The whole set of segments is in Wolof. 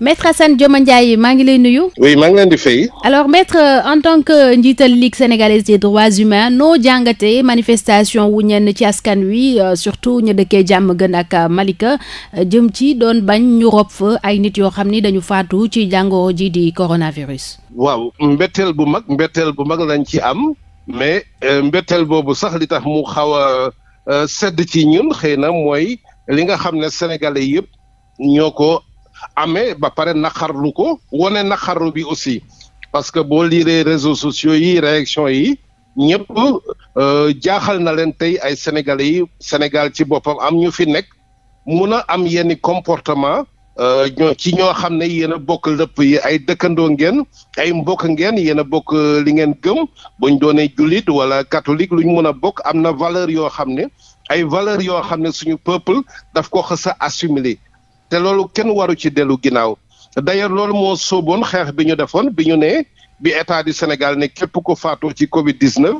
maître Assane Dioma Ndiaye maa ngi lay nuyu. oui maa ngi leen di fay. alors maître euh, en tant que njiital ligue sénégalaise des droits humains noo jàngate manifestation wu ñenn ci askan wi euh, surtout ñu dëkkee jàmm gën ak euh, Malika jëm ci doon bañ ñu rob fa ay nit yoo xam ni dañu faatu ci jàngoro ji di coronavirus. waaw mbetteel bu mag mbetteel bu mag lañ ci am mais mbetteel boobu sax li tax mu xaw a sedd ci ñun xëy na mooy li nga xam ne sénégalais yëpp ñoo ko. amee ba pare naqarlu ko wane naqarlu bi aussi parce que boo liiree réseaux sociaux yi réaction yi ñëpp euh, jaaxal na leen tey ay sénégalais yi Sénégal ci boppam am ñu fi nekk mun a am yenn comportement euh, ñoo ci ñoo xam ne yéen a bokk lépp yi ay dëkkandoo ngeen ay mbokk ngeen yéen a bokk euh, li ngeen gëm buñ doonee jullit wala catholique lu ñu mën a bokk am na valeur yoo xam ne ay valeur yoo xam ne suñu peuple daf ko xës a assimiler te loolu kenn waru ci dellu ginnaaw d'ailleurs loolu moo sóoboon xeex bi ñu defoon bi ñu ne bi état du Sénégal ne képp ko faatoo ci Covid 19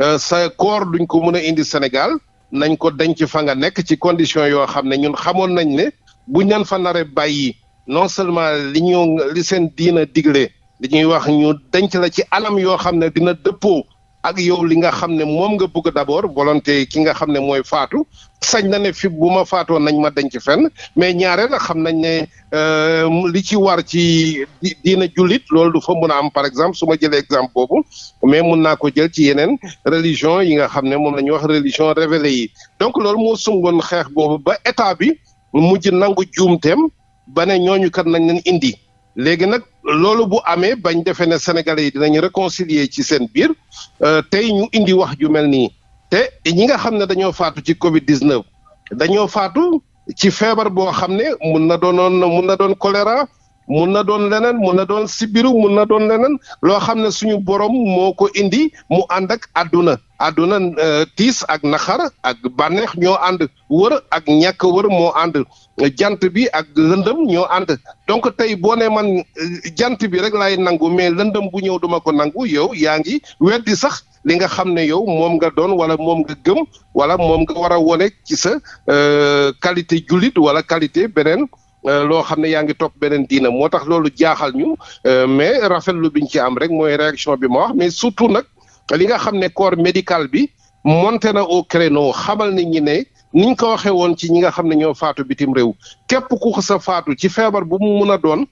euh, sa koor duñ ko mën a indi Sénégal nañ ko denc fa nga nekk ci condition yoo xam ne ñun xamoon nañ ne buñ leen fa nare bàyyi non seulement li ñu li seen diina digle li ñuy wax ñu denc la ci anam yoo xam ne dina dëppoo. ak yow li nga xam ne moom nga bëgg d'abord volonté ki nga xam ne mooy faatu sañ na ne fi bu ma faatoo nañ ma denc fenn mais ñaareel xam nañ ne euh, li ci war ci diina jullit loolu du fa mun a am par exemple su ma jëlee exemple boobu mais mun naa ko jël ci yeneen religion yi nga xam ne moom la ñuy wax religion révélée yi donc loolu moo sumboon xeex boobu ba état bi mujj nangu juumteem ba ne ñooñu kat nañ leen indi léegi nag loolu bu amee bañ defee ne Sénégalais yi dinañ ci seen biir euh, tey ñu indi wax ju mel nii te ñi nga xam ne dañoo faatu ci Covid 19 dañoo faatu ci feebar boo xam ne mun na doonoon mun na doon choléra mun na doon leneen mun na doon sibiru mun a doon leneen loo xam ne suñu borom moo ko indi mu ànd ak àdduna àdduna euh, tiis ak naxar ak bànneex ñoo ànd wër ak ñàkk wër moo ànd jant bi ak lëndëm ñoo ànd donc tey boo ne man euh, jant bi rek lay nangu mais lëndëm bu ñëw duma ko nangu yow yaa ngi weddi sax li nga xam ne yow moom nga doon wala moom nga gëm wala moom nga war a wone ci sa euh, qualité jullit wala qualité beneen Euh, loo xam ne yaa ngi topp beneen diina moo tax loolu jaaxal ñu euh, mais rafetlu biñ ci am rek mooy réaction bi ma wax mais surtout nag li nga xam ne corps médical bi monté na au créneau xamal na ñi ne niñ ko waxee woon ci ñi nga xam ne ñoo faatu bitim réew képp ku sa faatu ci feebar bu mu mun a doon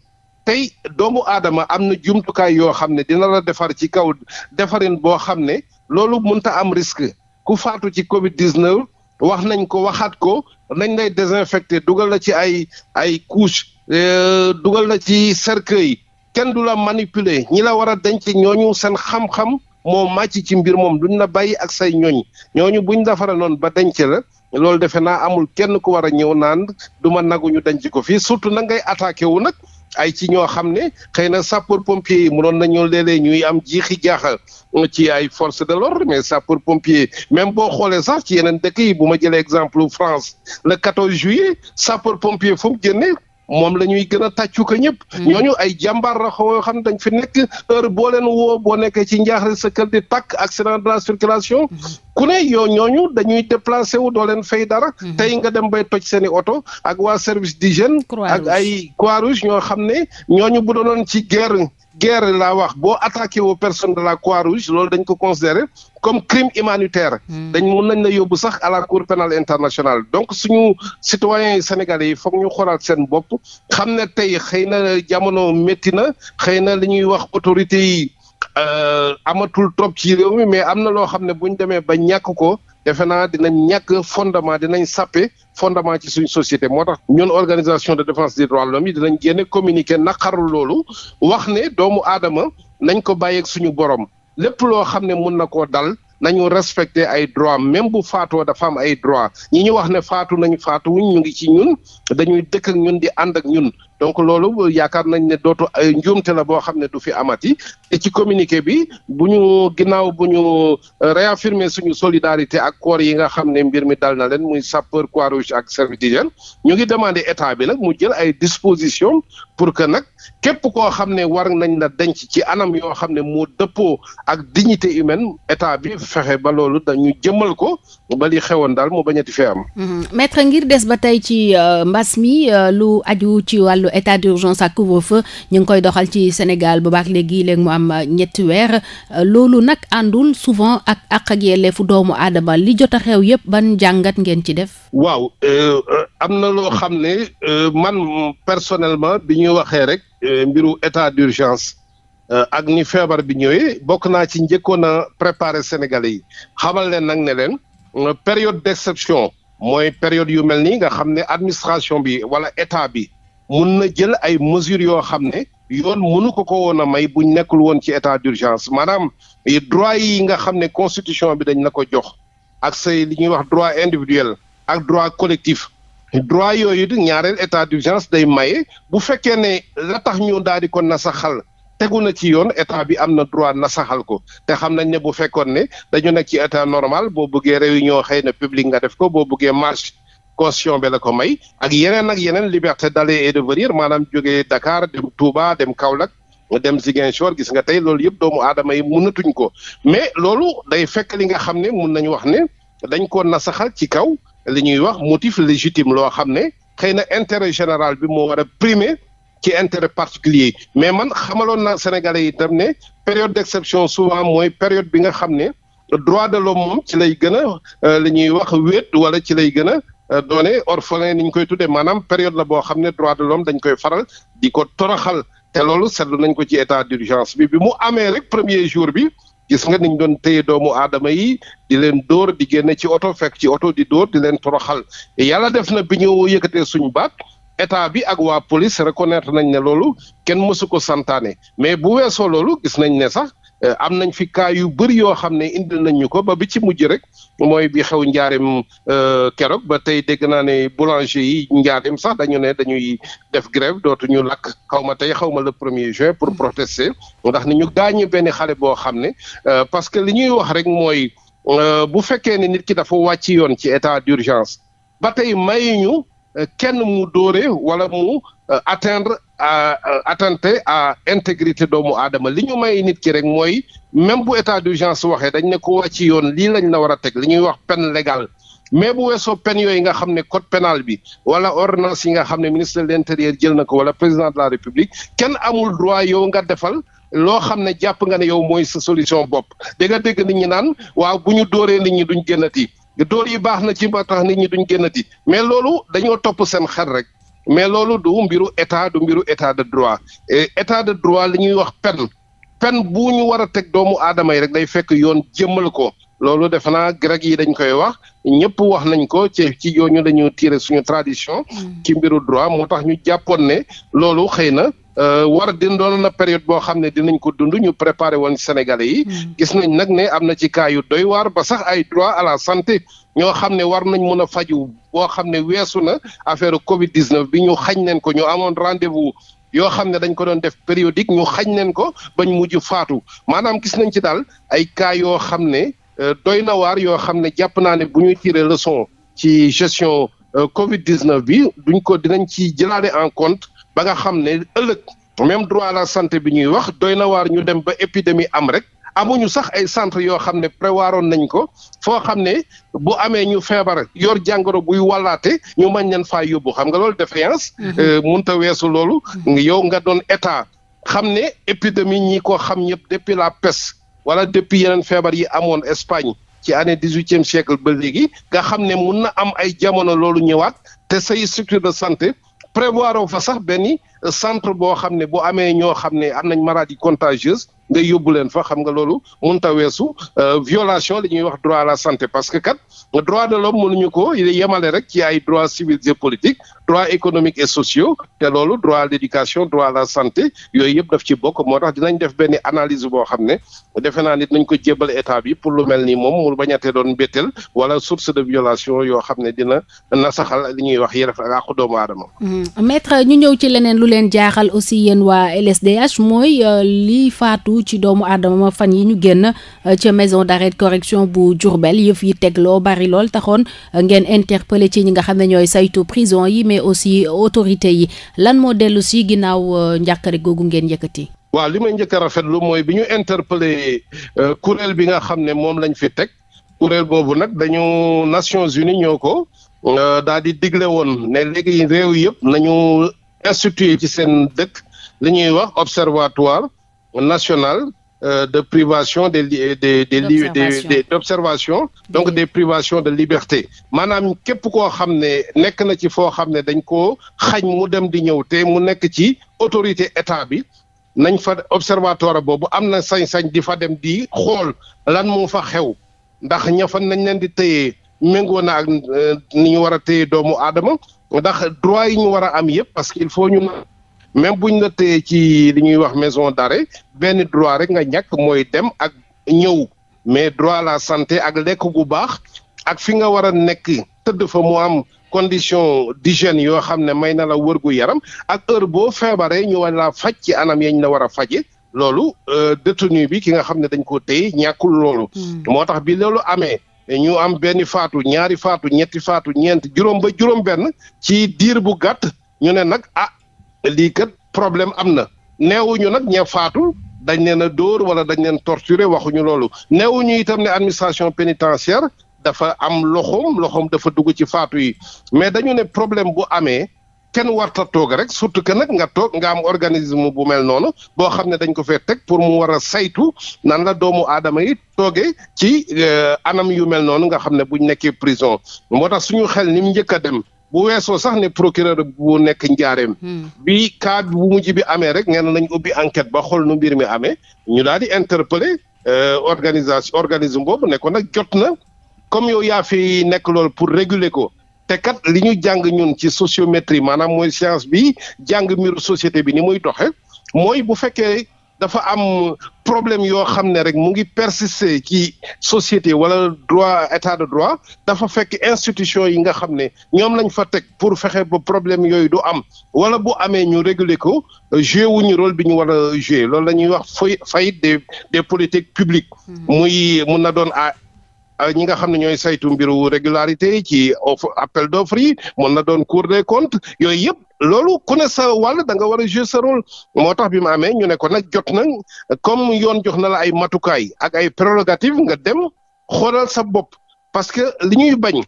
tey doomu aadama am na jumtukaay yoo xam ne dina la defar ci kaw defarin boo xam ne loolu mënta am risque ku faatu ci Covid 19. wax nañ ko waxaat ko nañ lay désinfecté dugal la ci ay ay couche euh, dugal la ci cercueil yi kenn du la manipuler ñi la war a denc ñooñu seen xam-xam moo màcc ci mbir moom duñ na bàyyi ak say ñooñ ñooñu buñ defara noonu ba denc la loolu defe naa amul kenn ku war a ñëw naan du ma nagu ñu denc ko fii surtout na ngay attaqué wu nag ay ci ñoo xam ne xëy na sapeur pompier yi mënoon nañu léeg-léeg ñuy am jiixi jaaxa ci ay force de l'ordre mais sapeur pompier même boo xoolee sax ci yeneen dëkk yi bu ma jëlee exemple France le 14 juillet sapeur pompier fu mu génnee moom la ñuy gën a tàccu ko ñëpp. Mm. ñooñu ay jàmbaar la xaw yoo xam dañ fi nekk heure boo leen woo boo nekkee ci njaaxle sa kër di tàkk accident de la circulation. Mm-hmm. ku ne yoo ñooñu dañuy déplacé wu doo leen fay dara. Mm-hmm. tey nga dem bay toj seen i oto ak waa service d'hygiène. ak ay croix ñoo xam ne ñooñu bu doonoon ci guerre. guerre laa wax boo attaqué aux personnes de la Croix-Rouge loolu dañ ko considéré comme crime humanitaire. Hmm. dañ mun nañ la yóbbu sax a la Cour pénale internationale donc suñu citoyens sénégalais yi foog ñu xoolaat seen bopp xam ne tey xëy na jamono métti na xëy na li wax autorités yi euh, amatul trop ci mais am na loo xam ne bu ñu demee ba ñàkk ko. defe naa dinañ ñàkk fondement dinañ sappe fondement ci suñu société moo tax ñun organisation de défense des droits de l'homme yi dinañ génne communiqué naqaru loolu wax ne doomu aadama nañ ko bàyyeeg suñu borom lépp loo xam ne mun na koo dal nañu respecté ay droit même bu faatoo dafa am ay droit ñi ñu wax ne faatu nañ faatuwuñ ñu ngi ci ñun dañuy dëkk ak ñun di ànd ak ñun donc loolu yaakaar nañ ne dootu njuumte la boo xam ne du fi amati te ci communiqué bi bu ñu ginnaaw bu ñu euh, réaffirmer suñu solidarité ak corps yi nga xam ne mbir mi dal na leen muy sapeur croix ak service d'hygiène ñu ngi demander état bi nag mu jël ay disposition pour que nag képp koo xam ne war nañ na denc ci anam yoo xam ne moo dëppoo ak dignité humaine état bi fexe ba loolu dañu jëmmal ko ba li xewoon daal mu bañati fi am. Mhm. maître ngir des ba tey ci euh, mbas mi euh, lu aju ci wàllu état d'urgence ak couvre-feu ñu ngi koy doxal ci Sénégal bu baax léegi léegi mu am euh, ñetti weer loolu nag àndul souvent ak àq ak yelleefu doomu aadama li jot a xew yépp ban jàngat ngeen ci def. waaw am na loo xam ne man personnellement bi ñuy waxee rek mbiru état d'urgence. ak ni feebar bi ñëwee bokk naa ci njëkkoon a préparer Sénégalais yi xamal leen nag ne leen. Euh, période d'exception mooy période yu mel nii nga xam ne administration bi wala état bi mun na jël ay mesures yoo xam ne yoon mënu ko ko woon a may buñ nekkul woon ci état d'urgence maanaam droit yi nga xam ne constitution bi dañ la ko jox ak say li ñuy wax droit individuel ak droit collectif droit yooyu ñaareel état d'urgence day may bu fekkee ne la tax ñu daal di sa nasaxal tegu na ci yoon état bi am na droit nasaxal ko te xam nañ ne bu fekkoon ne dañu nekk ci état normal boo bëggee réunion xëy na publique nga def ko boo bëggee marche constitution bi la ko may ak yeneen ak yeneen liberté d'aller et de venir maanaam jógee Dakar dem Touba dem Kaolack dem Ziguinchor gis nga tey loolu yëpp doomu aadama yi mënatuñ ko mais loolu day fekk li nga xam ne mun nañu wax ne dañ ko nasaxal ci kaw li ñuy wax motif légitime loo xam ne xëy na intérêt général bi moo war a primer ci intérêt particulier mais man xamaloon naa yi tam ne période d'exception souvent mooy période bi nga xam ne droit de l'homme moom ci lay gën a euh, li ñuy wax wéet wala ci lay gën a euh, or orphelin ni ñu koy tuddee maanaam période la boo xam ne droit de l'homme dañ koy faral di ko toroxal te loolu seetlu nañ ko ci état d'urgence bi bi mu amee rek premier jour bi gis nga niñ doon téye doomu aadama yi di leen door di génne ci oto fekk ci oto di dóor di leen toroxal yàlla def na bi ñu yëkkatee suñu baat état bi ak waa police reconnaître nañ ne loolu kenn mësu ko santaane mais bu weesoo loolu gis nañ ne sax euh, am nañ fi cas yu bëri yoo xam ne indi nañ ñu ko ba bi ci mujj rek mooy bi xew njaarim euh, keroog ba tey dégg naa ne boulanger yi njaarim sax dañu ne dañuy def grève dootuñu lakk xaw ma tey xaw ma le premier juin pour mm. protester ndax ni ñu gaañu benn xale boo xam ne euh, parce que li ñuy wax rek mooy bu fekkee ne nit ki dafa wàcc yoon ci état d'urgence ba tey mayuñu Euh, kenn mu dóore wala mu euh, atteindre euh, atteinte à intégrité doomu aadama li ñu may nit ki rek mooy même bu état d'urgence waxee dañ ne ko wàcc yoon lii lañ la war a teg li ñuy wax peine légale mais bu weesoo peine yooyu nga xam ne côte pénale bi wala ordonnance yi nga xam ne ministre de l'intérieur jël na ko wala président de la république kenn amul droit yow nga defal loo xam ne jàpp nga ne yow mooy sa solution bopp da nga dégg nit ñi naan waaw bu ñu dóoree nit ñi duñ génnati dóor yi baax na ci ba tax nit ñi duñ ti mais loolu dañoo topp seen xel rek mais loolu du mbiru état du mbiru état de droit état de droit li ñuy wax peine peine bu ñu war a teg doomu aadama yi rek day fekk yoon jëmmal ko loolu defe naa grec yi dañ koy wax ñëpp wax nañ ko ci ci yooñu la ñu tiré suñu tradition. Mm. ci mbiru droit moo tax ñu jàppoon ne loolu xëy na. Euh, war din doon na période boo xam ne dinañ ko dund ñu préparer woon Sénégalais yi. Hmm. gis nañ nag ne am na ci cas yu doy waar ba sax ay droit à la santé ñoo xam ne war nañ mën a faju boo xam ne weesu na affaire Covid 19 bi ñu xañ leen ko ñu amoon rendez-vous. yoo xam ne dañ ko doon def périodique ñu xañ leen ko bañ mujj faatu maanaam gis nañ ci daal ay cas yoo xam ne euh, doy na waar yoo xam ne jàpp naa ne bu ñuy tiré leçon ci gestion euh, Covid 19 bi duñ ko dinañ ci jëlaale en ba nga xam ne ëllëg même droit à la santé bi ñuy wax doy na waar ñu dem ba épidémie am rek amuñu sax ay centre yoo xam ne prévoiroon nañ ko foo xam ne bu amee ñu feebar yor jàngoro buy wàllaate ñu mañ leen faa yóbbu xam nga loolu défaillance mhm. euh, munta weesu loolu mhm. yow nga doon état xam ne épidémie ñi ko xam ñëpp depuis la peste wala depuis yeneen feebar yi amoon Espagne ci année dix-huitième siècle ba léegi nga xam ne mun na am ay jamono loolu ñëwaat te say structure de santé prévoir fa sax benn centre boo xam ne bu amee ñoo xam ne am nañ maladie contagieuse nga yóbbu leen fa xam nga loolu mënut a weesu euh, violation li ñuy wax droit à la santé parce que kat droit de l'homme mënuñu ko yemale rek ci ay droits civils et politiques et sociaux te loolu droit à l'éducation droit à la santé yooyu yëpp def ci bokk moo tax dinañ def benn analyse boo xam ne defe naa nit nañ ko jébal état bi pour lu mel ni moom mu bañatee doon mbetteel wala source de violation yoo xam ne dina nasaxal li ñuy wax yëref ak doomu aadama. Mm-hmm. maître leen jaaxal aussi yéen waa LSDH mooy euh, li faatu ci doomu aadama fan yi ñu génn euh, ca maison d'arrêt de correction bu Diourbel yëf yi loo bari lool taxoon euh, ngeen interpellé ci ñi nga xam ne ñooy saytu prison yi mais aussi autorité yi lan moo dellu si ginnaaw njàqare googu ngeen yëkkati. waaw li may njëkk a rafetlu mooy bi ñu interpellé kuréel bi nga xam ne moom lañ fi teg kuréel boobu nag dañu Nations Unies ñoo ko. daal digle woon ne léegi réew yëpp nañu institué ci seen dëkk li ñuy wax observatoire national euh, de privation des des des des d'observation donc des privations de liberté maanaam képp koo xam ne nekk na ci foo xam ne dañ koo xañ mu dem di ñëw te mu nekk ci autorité état bi nañ fa observatoire boobu am na sañ-sañ di fa dem di xool lan moo fa xew ndax ñafan fa nañ leen di tëyee méngoo na ak euh, ni ñu war a téye doomu aadama ndax droit yi ñu war a am yëpp parce que il faut ñu même buñ na téye ci li ñuy wax maison dare benn droit rek nga ñàkk mooy dem ak ñëw mais droit la santé ak lekk gu baax ak fi nga war a nekk tëdd fa mu am condition d'hygiène yoo xam ne may na la wër gu yaram ak heure boo feebaree ñu war faj ci anam yañ na war a faje loolu euh, détenu bi ki nga xam ne dañ ko tey ñàkkul loolu hmm. moo tax bi loolu amee ñu am benn faatu ñaari faatu ñetti faatu ñeent juróom ba juróom benn ci diir bu gàtt ñu ne nag ah lii kat problème am na neewuñu nag ña faatu dañ leen dóor wala dañ leen torturer waxuñu loolu neewuñu itam ne administration pénitentiaire dafa am loxoom loxoom dafa dugg ci faatu yi mais dañu ne problème bu amee kenn warta toog rek surtout que nag nga toog nga am organisme bu mel noonu boo xam ne dañ ko fee teg pour mu war a saytu nan la doomu aadama yi toogee ci euh, anam yu mel noonu nga xam ne buñ nekkee prison moo tax suñu xel ni mu njëkk a dem bu weesoo sax ne procureur bu nekk njaareem hmm. bi cas bu mujj bi amee rek nee nañ ubbi enquête ba xool nu mbir mi amee ñu daal di interpeller euh, organisation organisme boobu ne ko nag jot na comme yow yaa fi nekk loolu pour réguler ko te kat li ñu jàng ñun ci sociométrie maanaam mooy science bi jàng mbiru société bi ni muy doxe mooy bu fekkee dafa am problème yoo xam ne rek mu ngi persister ci société wala droit état de droit dafa fekk institution yi nga xam ne ñoom lañ fa teg pour fexe ba problème yooyu du am wala bu amee ñu réguler ko joué wuñu rôle bi ñu war a joué loolu la ñuy wax fay faillite des des politiques publiques hmm. muy mun na doon ñi nga xam ne ñooy saytu mbiru régularité ci appel d'offre yi mën na doon cour des comptes yooyu yëpp loolu ku ne sa wàll da nga war a sa rôle moo tax bi mu amee ñu ne ko nag jot nañ comme yoon jox na la ay matukaay ak ay prérogative nga dem xoolal sa bopp parce que li ñuy bañ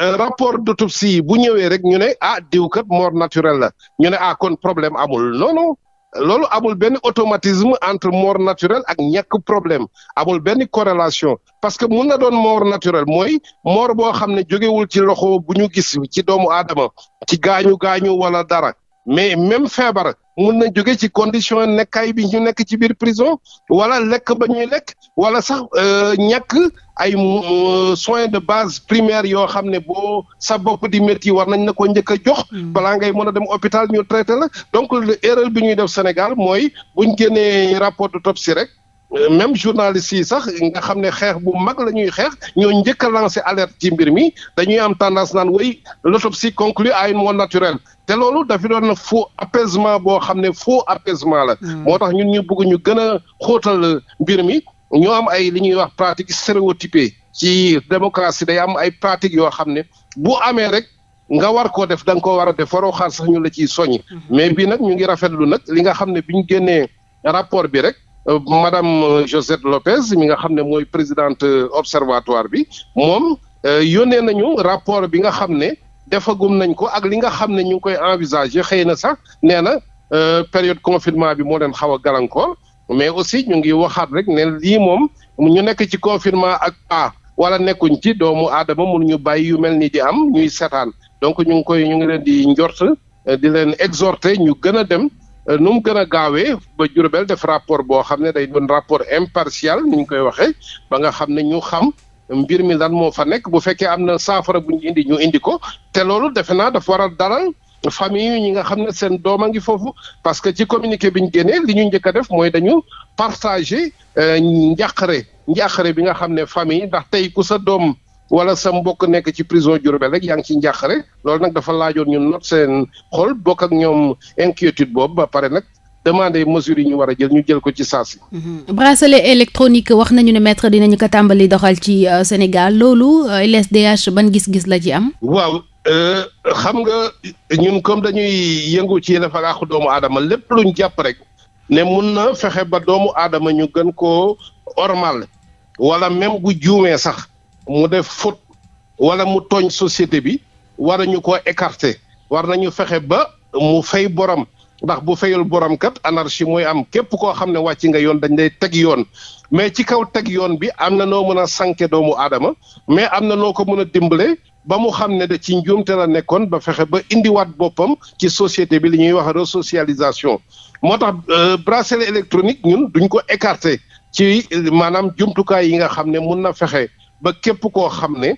euh, rapport si bu ñëwee rek ñu ne ah diw kat mort naturelle la ñu ne ah kon problème amul non loolu amul benn automatisme entre mort naturelle ak ñàkk problème amul benn corrélation parce que mun na doon moor naturelle mooy mort boo xam ne jógewul ci loxo bu ñu gis ci doomu aadama ci gaañu gaañu wala dara mais même feebar mun na jóge ci condition nekkaay bi ñu nekk ci biir prison wala lekk ba ñuy lekk wala sax euh, ñàkk. ay euh, soin de base primaire yoo xam ne boo sa bopp di métti war nañ na ko njëkk a jox. Mm. balaa ngay mën a dem hôpital ñu traité la donc erreur bi ñuy def Sénégal mooy buñ génnee rapport d'autopsie rek. Euh, même journaliste yi sax nga xam ne xeex bu mag la ñuy xeex ñoo njëkk a lancé alerte ci mbir mi dañuy am tendance naan woy l'autopsie conclut ay une naturel te loolu dafi doon faux apaisement boo xam ne faux apaisement la mm. moo tax ñun ñu bëgg ñu gën a xóotal mbir mi ñoo am ay li ñuy wax pratique stéréotypée ci démocratie day am ay pratique yoo xam ne bu amee rek nga war koo def da nga koo war a def waroo xaar sax ñu la ciy soññ mhm. mais bii nag ñu ngi rafetlu nag li nga xam ne bi ñu génnee rapport bi rek euh, madame euh, Josette Lopez mi nga xam ne mooy présidente euh, observatoire bi moom yónnee nañu rapport bi nga xam ne defagum nañ ko ak li nga xam ne ñu ngi koy envisager xëy na sax nee na période confinement bi moo leen xaw a gàllankoor mais aussi ñu ngi waxaat rek ne lii moom ñu nekk ci confinement ak pa wala nekkuñ ci doomu aadama mun ñu bàyyi yu mel ni di am ñuy setaan donc ñu ngi koy ñu ngi leen di njort di leen exhorter ñu gën a dem euh, nu mu gën a gaawee ba Jurbel def rapport boo xam ne day doon rapport impartial nu ñu koy waxee ba nga xam ne ñu xam mbir mi lan moo fa nekk bu fekkee am na saafara bu indi ñu indi ko te loolu defe naa dafa war a famille ñi nga xam ne seen doom a ngi foofu parce que ci communiqué bi ñu génnee li ñu njëkk a def mooy dañu partagé euh, njàqare njàqare bi nga xam ne famille ndax tey ku sa doom wala sa mbokk nekk ci prison Diourbel rek yaa ngi ci njàqare loolu nag dafa laajoon ñun not seen xol bokk ak ñoom inquiétude boobu ba pare nag demande mesures yi ñu war a jël ñu jël ko ci saasi. Mhm. bracelet électronique wax nañu ne maître dinañu ko tàmbali doxal ci euh, Sénégal loolu LSDH euh, ban gis-gis la ci am. waaw. Euh, xam nga ñun comme dañuy yëngu ci yenn faraaxu doomu aadama lépp luñ jàpp rek ne mun na fexe ba doomu aadama ñu gën koo ormal wala même bu juumee sax mu def foot wala mu toñ société bi war nañu ko écarter war nañu fexe ba mu fay borom ndax bu fayul borom kat anarchie mooy am képp koo xam ne wàcc nga yoon dañ lay teg yoon mais ci kaw teg yoon bi am na noo mën a sànke doomu aadama mais am na noo ko mën a dimbale ba mu xam ne da ci njuumte la nekkoon ba fexe ba indiwaat boppam ci société bi li ñuy wax resocialisation moo tax euh, bracelet électronique ñun duñ ko écarter ci maanaam jumtukaay yi nga xam ne mun na fexe ba képp koo xam ne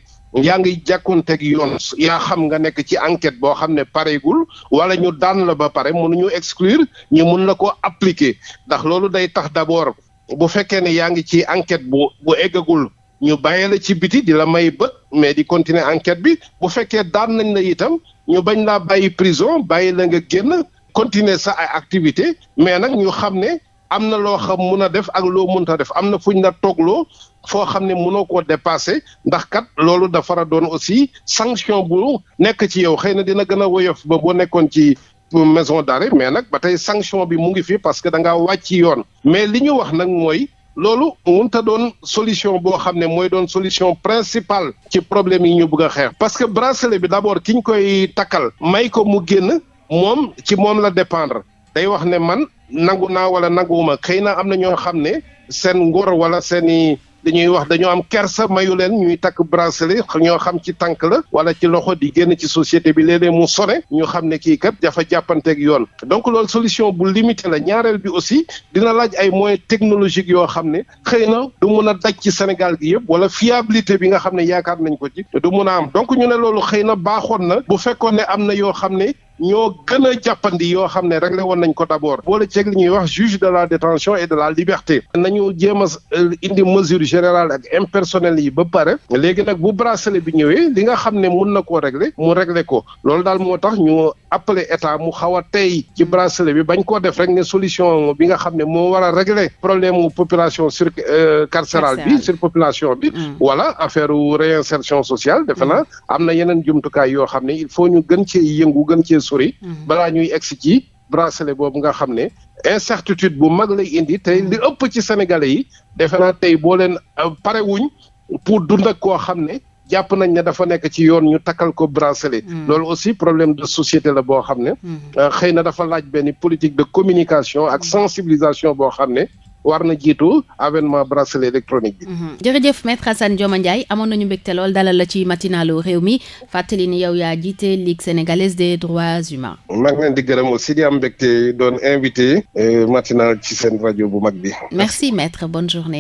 yaa ngi jàkkoonteeg yoon yaa xam nga nekk ci enquête boo xam ne pareegul wala ñu daan la ba pare mënuñu exclure ñu mun na ko appliquer ndax loolu day tax d'abord bu fekkee ne yaa ngi ci enquête bo bu eggagul ñu bàyyi la ci biti di la may bët mais di continuer enquête bi bu fekkee daan nañ la itam ñu bañ laa bàyyi prison bàyyi la nga génn continuer sax ay activité mais nag ñu xam ne am na loo xam mun a def ak loo mun munta def am na fuñ la toogloo foo xam ne mënoo koo dépassé ndax kat loolu dafara doon aussi sanction bu nekk ci yow xëy na dina gën a woyof ba boo nekkoon ci maison d'arrêt mais nag ba tey sanction bi mu ngi fi parce que da ngaa wàcc yoon mais li ñu wax nag mooy loolu mënta doon solution boo xam ne mooy doon solution principale ci problème yi ñu bëgg a xeex parce que bracelet bi d'abord ki ñu koy takkal may ko mu génn moom ci moom la dépendre day wax ne man nangu naa wala nanguwuma xëy na am na ñoo xam ne seen ngor wala seen dañuy wax dañoo am kersa mayu leen ñuy takk bracelet ñoo xam ci tànk la wala ci loxo di génn ci société bi léeg mu sone ñu xam ne kii kat dafa jàppanteeg yoon donc loolu solution bu limité la ñaareel bi aussi dina laaj ay moyens technologiques yoo xam ne xëy na du mun a daj ci Sénégal gi yëpp wala fiabilité bi nga xam ne yaakaar nañ ko ci du mun a am donc ñu ne loolu xëy na baaxoon na bu fekkoon ne am na yoo xam ne ñoo gën a jàppandi yoo xam ne réglé woon nañ ko d' abord boole ceeg li ñuy wax juge de la détention et de la liberté nañu jéema euh, indi mesure générale ak impersonnel yi ba pare léegi nag bu bracelet bi ñëwee li nga xam ne mun na ko réglé mu réglé ko loolu daal moo tax ñu appelé état mu xaw a tey ci bracelet bi bañ koo def rek ne solution bi nga xam ne moo war a réglé problème population sur euh, carcérale bi sur population bi wala mm. affaire réinsertion sociale defe mm. naa am na yeneen jumtukaay yoo xam ne il faut ñu gën cee yëngu gën cee sori. Mhm. balaa ñuy egsi ci bracelet boobu nga xam ne. incertitude bu mag lay indi te li mhm. ëpp ci sénégalais yi defe naa tey boo leen euh, parewuñ pour dund ak koo xam ne. jàpp nañ ne dafa nekk ci yoon ñu takkal ko bracelet. Mhm. loolu aussi problème de société la boo xam ne. Euh, xëy na dafa laaj benn politique de communication ak sensibilisation boo xam ne. war na jiitu avènement bracelet électronique bi. Mhm. jërëjëf maître Assane Dioma Ndiaye amoon nañu mbégte lool dalal la ci matinalu réew mi fàttali ni yow yaa jiite Ligue sénégalaise des droits humains. maa ngi leen di gërëm aussi di am mbégte doon invité euh, matinal ci seen rajo bu mag bi. merci maître bonne journée.